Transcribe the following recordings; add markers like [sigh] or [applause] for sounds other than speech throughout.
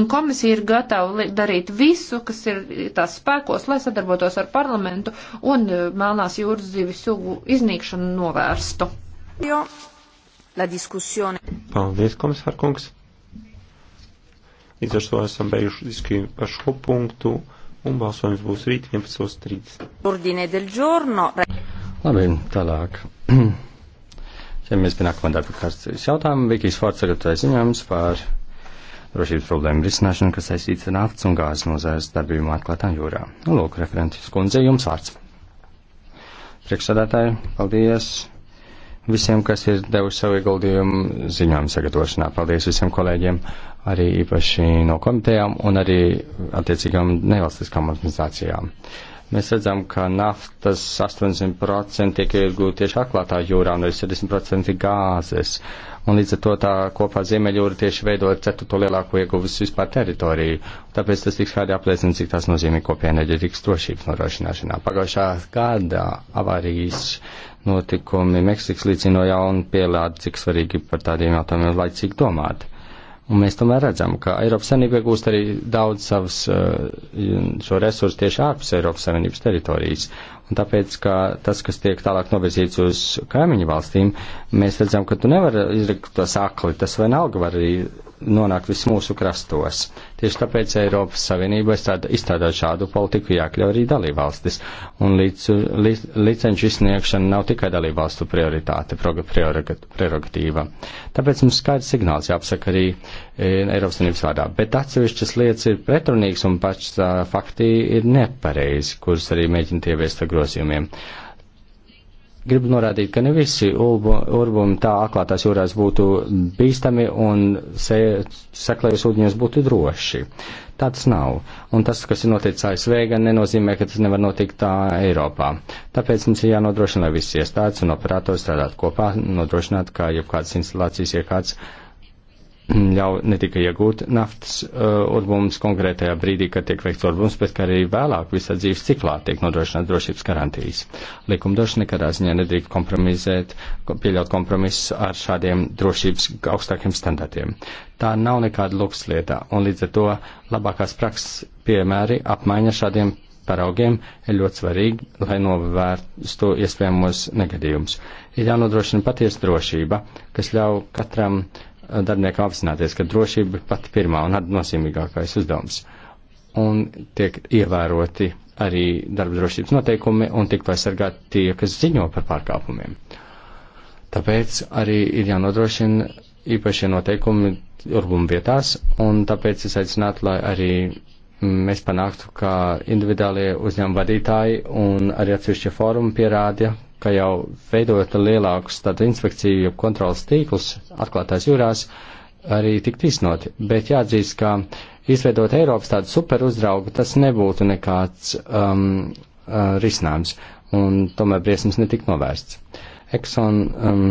Un komisija ir gatava darīt visu, kas ir tās spēkos, lai sadarbotos ar parlamentu un e, Melnās jūras zivis sugu iznīkšanu novērstu. Jo, la diskusione. Paldies, komisār kungs. Līdz ar to esam beiguši diskusiju par šo punktu un balsojums būs rīt 11.30. Ordine del giorno. Labi, tālāk. Ķeramies [clears throat] pie nākamā darba kārtas jautājumu. Vikijas Forts ir ziņojums par drošības problēmu risināšanu, kas saistīts ar naftas un gāzes nozares darbību atklātā jūrā. Nu, lūk, referenti skundze, jums vārds. Priekšsādātāji, paldies visiem, kas ir devuši savu ieguldījumu ziņojumu sagatavošanā. Paldies visiem kolēģiem, arī īpaši no komitejām un arī attiecīgām nevalstiskām organizācijām. Uh, Mēs redzam, ka naftas 80% tiek iegūta tieši atklātā jūrā un arī 70% gāzes. Un līdz ar to tā kopā Ziemeļjūra tieši veido ceturto lielāko ieguvis vispār teritoriju. Tāpēc tas tik skaidri apliecina, cik tas nozīmē kopējā enerģetikas drošības norošināšanā. Pagājušā gada avārijas notikumi Meksikas līdzino jaunu pielādi, cik svarīgi par tādiem jautājumiem laicīgi domāt. Un mēs tomēr redzam, ka Eiropas Savienība iegūst arī daudz savas eh, šo resursu tieši ārpus Eiropas Savienības teritorijas. Un tāpēc, ka tas, kas tiek tālāk novirzīts uz kaimiņu valstīm, mēs redzam, ka tu nevar izrakt to sakli, tas vienalga var arī nonāk viss mūsu krastos. Tieši tāpēc Eiropas Savienība izstrādā šādu politiku jākļau arī dalībvalstis. Un lic, lic, licenču izsniegšana nav tikai dalībvalstu prioritāte, prerogatīva. Tāpēc mums skaidrs signāls jāapsaka arī e, Eiropas Savienības vārdā. Bet atsevišķas lietas ir pretrunīgas un pašas fakti ir nepareizi, kuras arī mēģina ieviest ar grozījumiem. Uh, Gribu norādīt, ka ne visi urbumi tā atklātās jūrās būtu bīstami un se, seklējus ūdeņos būtu droši. Tāds nav. Un tas, kas ir noticis ASV, gan nenozīmē, ka tas nevar notikt tā Eiropā. Tāpēc mums ir jānodrošina, lai visi iestādes un operatori strādātu kopā, nodrošināt, ka jebkādas instalācijas iekārtas. Ja ļauj ne tikai iegūt naftas uh, urbumus konkrētajā brīdī, kad tiek veikts urbums, bet arī vēlāk visā dzīves ciklā tiek nodrošināts drošības garantijas. Likumdošana nekādā ziņā nedrīkst kompromizēt, pieļaut kompromisus ar šādiem drošības augstākiem standartiem. Tā nav nekāda lukslieta, un līdz ar to labākās prakses piemēri apmaiņa šādiem paraugiem ir ļoti svarīgi, lai novērstu iespējamos negadījumus. Ir jānodrošina patiesa drošība, kas ļauj katram uh, darbinieku apzināties, ka drošība ir pat pirmā un nozīmīgākais uzdevums. Un tiek ievēroti arī darba drošības noteikumi un tiek aizsargāti tie, kas ziņo par pārkāpumiem. Tāpēc arī ir jānodrošina īpašie noteikumi urbuma vietās, un tāpēc es aicinātu, lai arī mēs panāktu, ka individuālie uzņēmuma vadītāji un arī atsevišķie fórumi pierāda, ka jau veidojot lielākus tādu inspekciju kontrolas tīklus atklātās jūrās, arī tikt iznoti. Bet jāatzīst, ka izveidot Eiropas tādu superuzraugu, tas nebūtu nekāds um, uh, risinājums, un tomēr briesmas netika novērsts. Exxon um,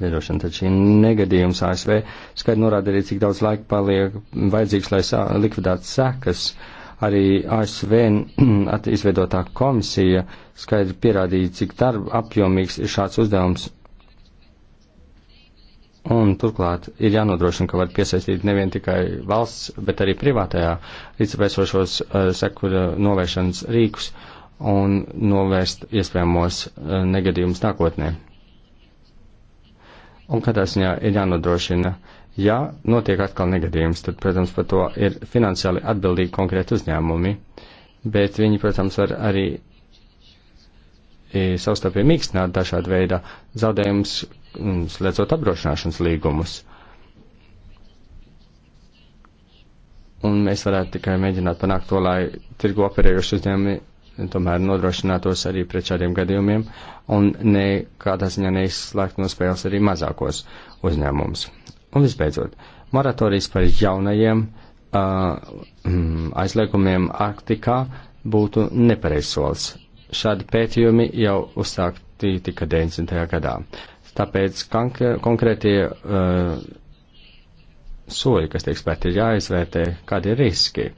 veidošana taču ir negadījums ASV, skaidri norāda arī, cik daudz laika paliek vajadzīgs, lai likvidētu sekas. Uh, Arī ASV [clears throat] izveidotā komisija skaidri pierādīja, cik darba apjomīgs ir šāds uzdevums. Un turklāt ir jānodrošina, ka var piesaistīt nevien tikai valsts, bet arī privātajā līdzpēcošos uh, sekura novēršanas rīkus un novērst iespējamos uh, negadījumus nākotnē. Un katrā ziņā ir jānodrošina uh, Ja notiek atkal negadījums, tad, protams, par to ir finansiāli atbildīgi konkrēti uzņēmumi, bet viņi, protams, var arī e, savstarpēji mīkstināt dažādu veidu zaudējumus, slēdzot apdrošināšanas līgumus. Un mēs varētu tikai mēģināt panākt to, lai tirgu operējuši uzņēmumi tomēr nodrošinātos arī pret šādiem gadījumiem un nekādā ziņā neizslēgt no spēles arī mazākos uzņēmumus. Un visbeidzot, moratorijas par jaunajiem uh, aizliegumiem Arktikā būtu nepareizs solis. Šādi pētījumi jau uzsākti tika 90. gadā. Tāpēc konkrētie uh, soļi, kas tiek spērti, ir jāizvērtē, kādi ir riski.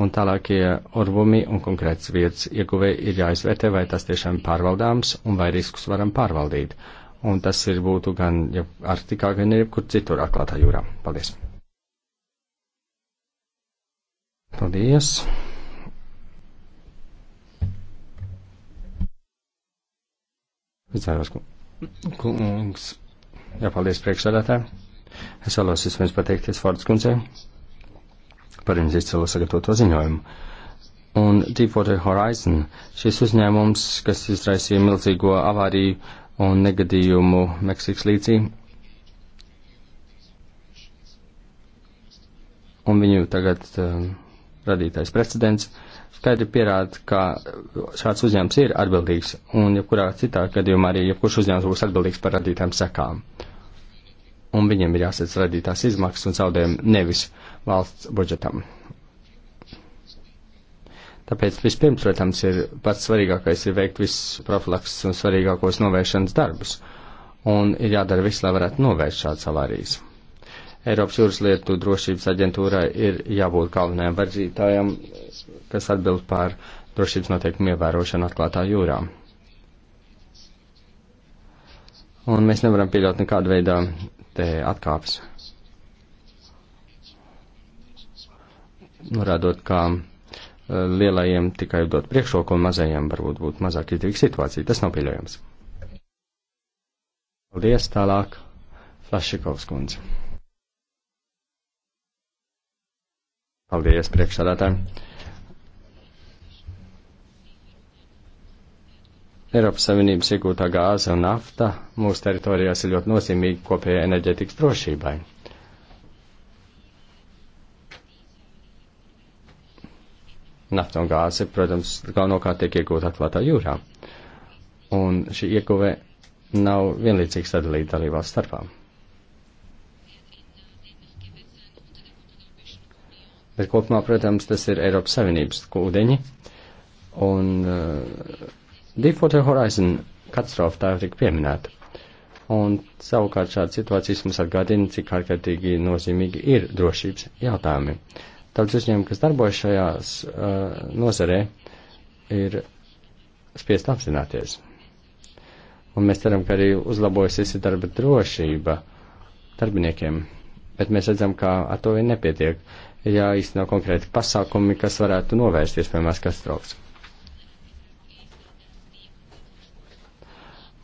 Un tālākie orbumi un konkrēts vietas ieguvēji ir jāizvērtē, vai tas tiešām ir pārvaldāms un vai riskus varam pārvaldīt. Uh, un tas ir būtu gan ja Arktikā, gan jebkur citur atklātā jūrā. Paldies! Paldies! Vicājos, kungs. Jā, paldies priekšsēdētāji. Es vēlos vispirms pateikties Fordas kundzei par viņas izcilu sagatavoto ziņojumu. Un Deepwater Horizon, šis uzņēmums, kas izraisīja milzīgo avāriju un negadījumu Meksikas līcī. Un viņu tagad um, radītais precedents skaidri pierāda, ka šāds uzņēmums ir atbildīgs, un jebkurā citā gadījumā arī jebkurš uzņēmums būs atbildīgs par radītām sekām. Un viņiem ir jāsadz radītās izmaksas un zaudējumi nevis valsts budžetam Tāpēc vispirms, protams, ir pats svarīgākais ir veikt visus profilaks un svarīgākos novēršanas darbus. Un ir jādara viss, lai varētu novērst šādas avārijas. Eiropas jūras lietu drošības aģentūrai ir jābūt galvenajam verdzītājam, kas atbild par drošības noteikumu ievērošanu atklātā jūrā. Un mēs nevaram pieļaut nekādu veidā te atkāpes. Norādot, ka Eh, lielajiem tikai dot priekšroku un mazajiem varbūt būtu mazāk kritīga situācija. Tas nav pieļaujams. Paldies tālāk, Flašikovs kundze. Paldies priekšsādātājiem. Eiropas Savienības iegūtā gāze un nafta mūsu teritorijās ir ļoti nozīmīgi kopējai enerģetikas drošībai. Nafta un gāze, protams, galvenokārt tiek iegūta atklātā jūrā. Un šī ieguve nav vienlīdzīgi sadalīta dalībās starpā. Bet kopumā, protams, tas ir Eiropas Savienības ūdeņi. Un uh, Deepwater Horizon katastrofa tā jau tika pieminēta. Un savukārt šāda situācijas mums atgādina, cik ārkārtīgi nozīmīgi ir drošības jautājumi. Uh, Daudz uzņēmumu, kas darbojas šajās uh, nozarē, ir spiest apzināties. Un mēs ceram, ka arī uzlabojasies darba drošība darbiniekiem, bet mēs redzam, ka ar to vien nepietiek. Ir jāizsno konkrēti pasākumi, kas varētu novērst iespējamās katastrofas.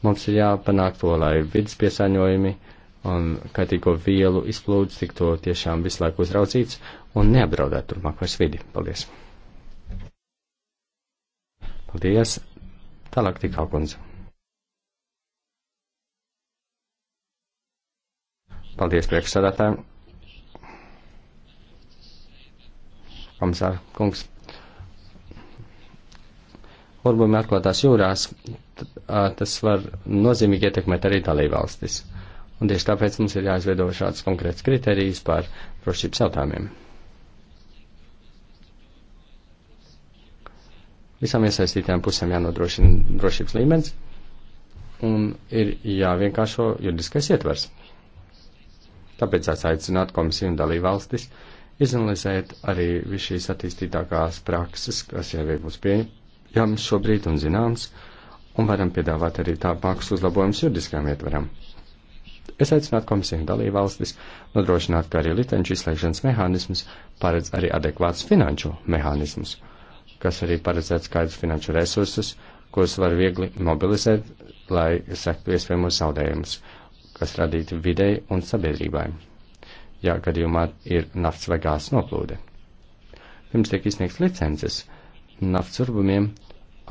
Mums ir jāpanāk to, lai vidas piesāņojumi uh, un kaitīgo vielu izplūdes tiktu tiešām visu laiku uzraudzīts un neapdraudēt turpmāk vairs vidi. Paldies! Paldies! Tālāk tikā kundze. Paldies priekšsādātājiem. Komisār, kungs. Urbumi atklātās jūrās, tas var nozīmīgi ietekmēt arī dalībvalstis. valstis Un tieši tāpēc mums ir jāizveido šāds konkrēts kriterijs par drošības jautājumiem. Visām iesaistītām pusēm jānodrošina drošības līmenis un ir jāvienkāršo juridiskais ietvers. Tāpēc es aicinātu komisiju un dalību valstis izanalizēt arī visu šīs attīstītākās prakses, kas jau ir mums pieejams šobrīd un zināms, un varam piedāvāt arī tāpākus uzlabojumus juridiskām ietveram. Es aicinātu komisiju un dalībvalstis nodrošināt, ka arī litenču izslēgšanas mehānismus paredz arī adekvāts finanšu mehānismus, kas arī paredzētu skaidrs finanšu resursus, kurus var viegli mobilizēt, lai sektu iespējamos zaudējumus, kas radītu videi un sabiedrībai, ja gadījumā ir nafts vai gāzes noplūde. Pirms tiek izsniegts licences naftas urbumiem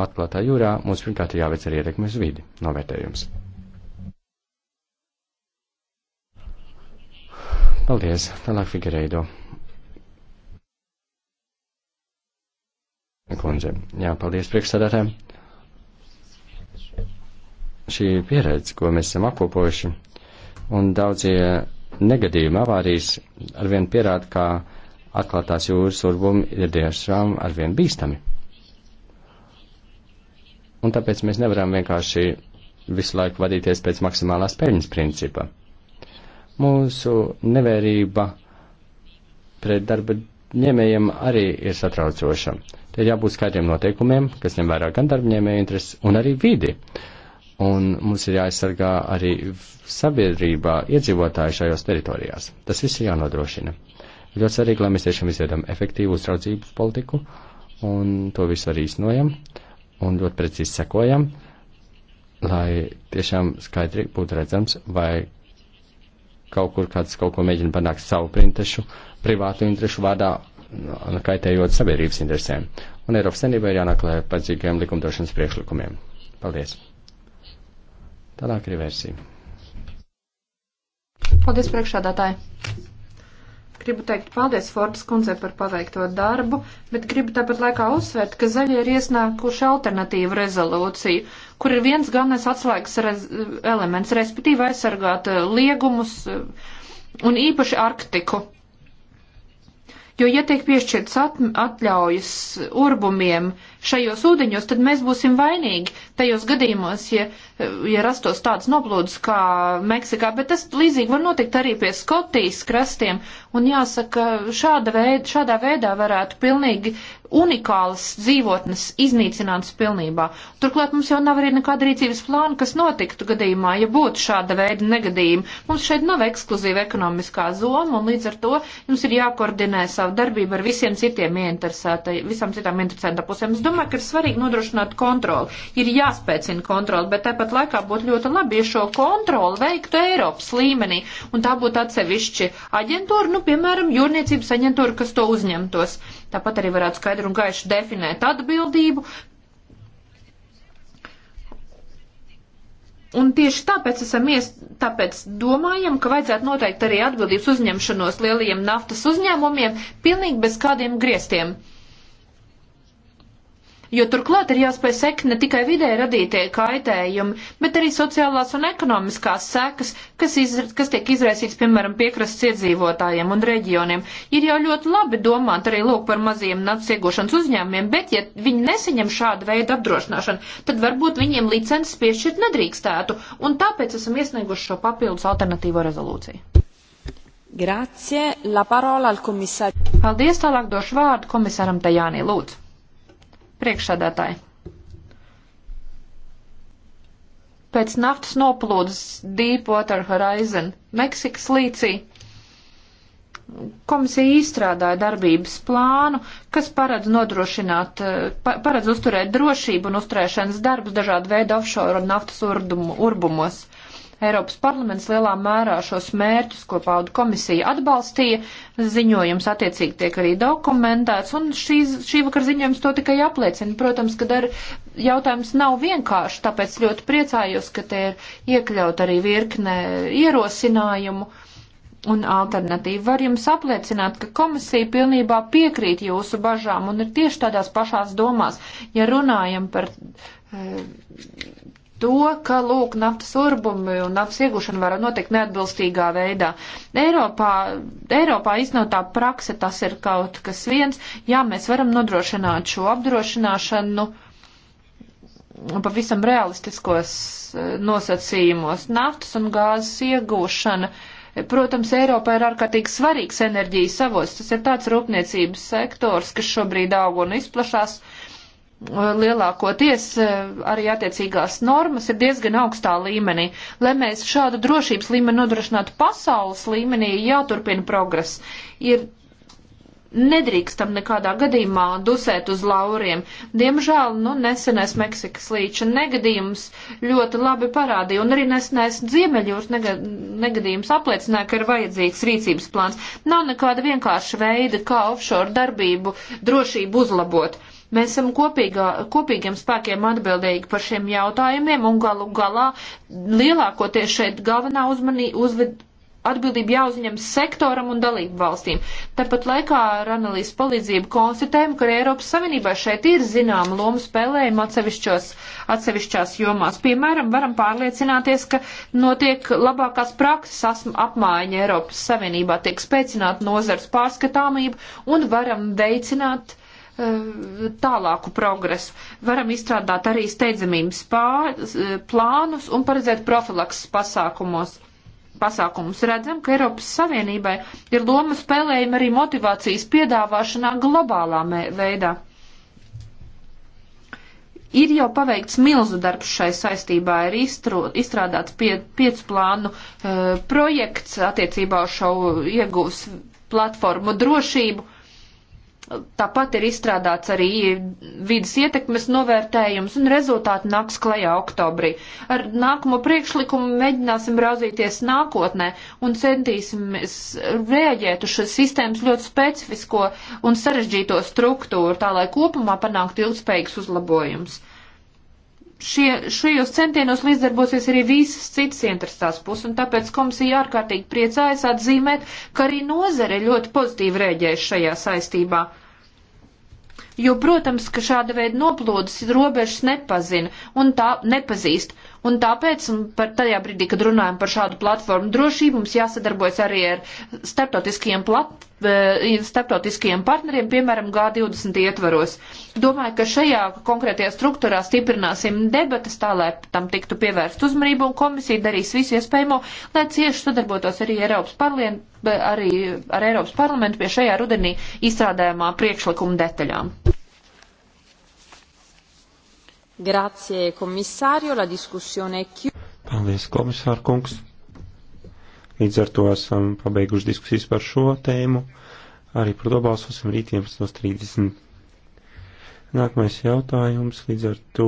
atklātā jūrā, mums pirmkārt jāveic arī ietekmes vidi novērtējums. Paldies, tālāk Figureido. Kundze, jā, paldies priekšsādātājiem. Šī pieredze, ko mēs esam apkopojuši, un daudzie negadījumi avārijas arvien pierāda, ka atklātās jūras urbumi ir diešām arvien bīstami. Un tāpēc mēs nevaram vienkārši visu laiku vadīties pēc maksimālās peļņas principa. Mūsu nevērība pret darba ņēmējiem arī ir satraucoša. Te jābūt skaidriem noteikumiem, kas ņem vērā gan darba ņēmēju intereses un arī vidi. Un mums ir jāaizsargā arī sabiedrībā iedzīvotāji šajos teritorijās. Tas viss ir jānodrošina. Ļoti svarīgi, lai mēs tiešām izveidam efektīvu uzraudzības politiku un to visu arī iznojam un ļoti precīzi sekojam, lai tiešām skaidri būtu redzams, vai kaut kur kāds kaut ko mēģina panākt savu printešu, privātu interešu vārdā, kaitējot sabiedrības interesēm. Un Eiropas Savienībai ir jānaklē padzīgiem likumdošanas priekšlikumiem. Paldies! Tālāk ir versija. Paldies, priekšādātāji! Gribu teikt paldies Fordas kundzei par paveikto darbu, bet gribu tāpat laikā uzsvērt, ka zaļie ir iesnākuši alternatīvu rezolūciju, kur ir viens galvenais atslēgas rez elements, respektīvi aizsargāt eh, liegumus eh, un īpaši Arktiku. Jo, ja tiek piešķirts atļaujas urbumiem, šajos ūdeņos, tad mēs būsim vainīgi tajos gadījumos, ja, ja rastos tāds noplūds kā Meksikā, bet tas līdzīgi var notikt arī pie Skotijas krastiem, un jāsaka, šāda veid, šādā veidā varētu pilnīgi unikālas dzīvotnes iznīcinātas pilnībā. Turklāt mums jau nav arī nekāda rīcības plāna, kas notiktu gadījumā, ja būtu šāda veida negadījumi. Mums šeit nav ekskluzīva ekonomiskā zoma, un līdz ar to jums ir jākoordinē savu darbību ar visiem citiem ieinteresētajiem, visām citām interesētām pusēm. Es domāju, ka ir svarīgi nodrošināt kontroli. Ir jāspēcina kontroli, bet tāpat laikā būtu ļoti labi, ja šo kontroli veiktu Eiropas līmenī. Un tā būtu atsevišķi aģentūra, nu, piemēram, jūrniecības aģentūra, kas to uzņemtos. Tāpat arī varētu skaidri un gaiši definēt atbildību, Un tieši tāpēc esam ies, tāpēc domājam, ka vajadzētu noteikt arī atbildības uzņemšanos lielajiem naftas uzņēmumiem pilnīgi bez kādiem griestiem. Jo turklāt ir jāspēj sekt ne tikai vidē radītie kaitējumi, bet arī sociālās un ekonomiskās sekas, kas, izra, kas tiek izraisīts, piemēram, piekrastes iedzīvotājiem un reģioniem. Ir jau ļoti labi domāt arī lūk par maziem naftas iegūšanas uzņēmumiem, bet ja viņi nesaņem šādu veidu apdrošināšanu, tad varbūt viņiem licences piešķirt nedrīkstētu, un tāpēc esam iesnieguši šo papildus alternatīvo rezolūciju. Grazie, la parola al komisāru. Paldies, tālāk došu vārdu komisāram Tajānī, lūdzu. Priekšsēdētāji. Pēc naftas noplūdes Deepwater Horizon Meksikas līcī komisija izstrādāja darbības plānu, kas paredz nodrošināt, eh, paredz uzturēt drošību un uzturēšanas darbus dažādu veidu offshore un naftas urbumos. Urdumu, Eiropas parlaments lielā mērā šos mērķus, ko pauda komisija, atbalstīja. Ziņojums attiecīgi tiek arī dokumentēts, un šīs, šī vakar ziņojums to tikai apliecina. Protams, ka dar, jautājums nav vienkārši, tāpēc ļoti priecājos, ka te ir iekļaut arī virkne ierosinājumu. Un alternatīva var jums apliecināt, ka komisija pilnībā piekrīt jūsu bažām un ir tieši tādās pašās domās, ja runājam par eh, to, ka, lūk, naftas urbumi un naftas iegūšana var notikt neatbilstīgā veidā. Eiropā, Eiropā iznotā prakse tas ir kaut kas viens. Jā, mēs varam nodrošināt šo apdrošināšanu pavisam realistiskos e, nosacījumos. Naftas un gāzes iegūšana. E, protams, Eiropā ir ārkārtīgi svarīgs enerģijas avots. Tas ir tāds rūpniecības sektors, kas šobrīd aug un izplašās. Uh, Eh, lielākoties eh, arī attiecīgās normas ir diezgan augstā līmenī. Lai mēs šādu drošības līmeni nodrošinātu pasaules līmenī, jāturpina progress. Ir nedrīkstam nekādā gadījumā dusēt uz lauriem. Diemžēl, nu, nesenais Meksikas līča negadījums ļoti labi parādīja, un arī nesenais Ziemeļjūras negadījums apliecināja, ka ir vajadzīgs rīcības plāns. Nav nekāda vienkārša veida, kā offshore darbību drošību uzlabot. Uh, Mēs esam kopīgā, kopīgiem spēkiem atbildīgi par šiem jautājumiem un galu galā lielākoties šeit galvenā uzmanība uzved. Atbildība jāuzņem sektoram un dalību valstīm. Tāpat laikā ar analīzes palīdzību konstatējam, ka Eiropas Savienībā šeit ir zināma loma spēlējuma atsevišķās jomās. Piemēram, varam pārliecināties, ka notiek labākās prakses apmaiņa Eiropas Savienībā, tiek spēcināta nozars pārskatāmība un varam veicināt Eh, tālāku progresu. Varam izstrādāt arī steidzamības eh, plānus un paredzēt profilakses pasākumos. Pasākumus redzam, ka Eiropas Savienībai ir loma spēlējuma arī motivācijas piedāvāšanā globālā veidā. Ir jau paveikts milzu darbs šai saistībā, ir iztru, izstrādāts pie, piecu plānu e, projekts attiecībā uz šo ieguvus platformu drošību. E, Tāpat ir izstrādāts arī vidas ietekmes novērtējums, un rezultāti nāks klajā oktobrī. Ar nākamo priekšlikumu mēģināsim raudzīties nākotnē un centīsimies reaģēt uz šīs sistēmas ļoti specifisko un sarežģīto struktūru, tā lai kopumā panāktu ilgspējīgs uzlabojums šie, šajos centienos līdzdarbosies arī visas citas interesētās puses, un tāpēc komisija ārkārtīgi priecājas atzīmēt, ka arī nozare ļoti pozitīvi rēģēs šajā saistībā. Jo, protams, ka šāda veida noplūdes robežas nepazina un tā nepazīst, Un tāpēc, un par tajā brīdī, kad runājam par šādu platformu drošību, mums jāsadarbojas arī ar starptautiskajiem, plat, e, starptautiskajiem partneriem, piemēram, G20 ietvaros. Domāju, ka šajā konkrētajā struktūrā stiprināsim debatas tā, lai tam tiktu pievērst uzmanību, un komisija darīs visu iespējamo, lai cieši sadarbotos arī Eiropas parlien, arī ar Eiropas parlamentu pie šajā rudenī izstrādājumā priekšlikuma detaļām. Grazie, komisārio, la diskusija ir chiusa. Paldies, komisār kungs. Līdz ar to esam pabeiguši diskusijas par šo tēmu. Arī par to balsosim rīt 11.30. Nākamais jautājums līdz ar to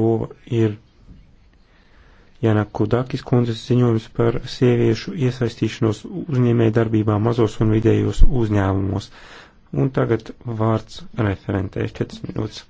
ir Jana Kudakis kundzes ziņojums par sieviešu iesaistīšanos uzņēmē darbībā mazos un vidējos uzņēmumos. Un tagad vārds referentē 4 minūtes.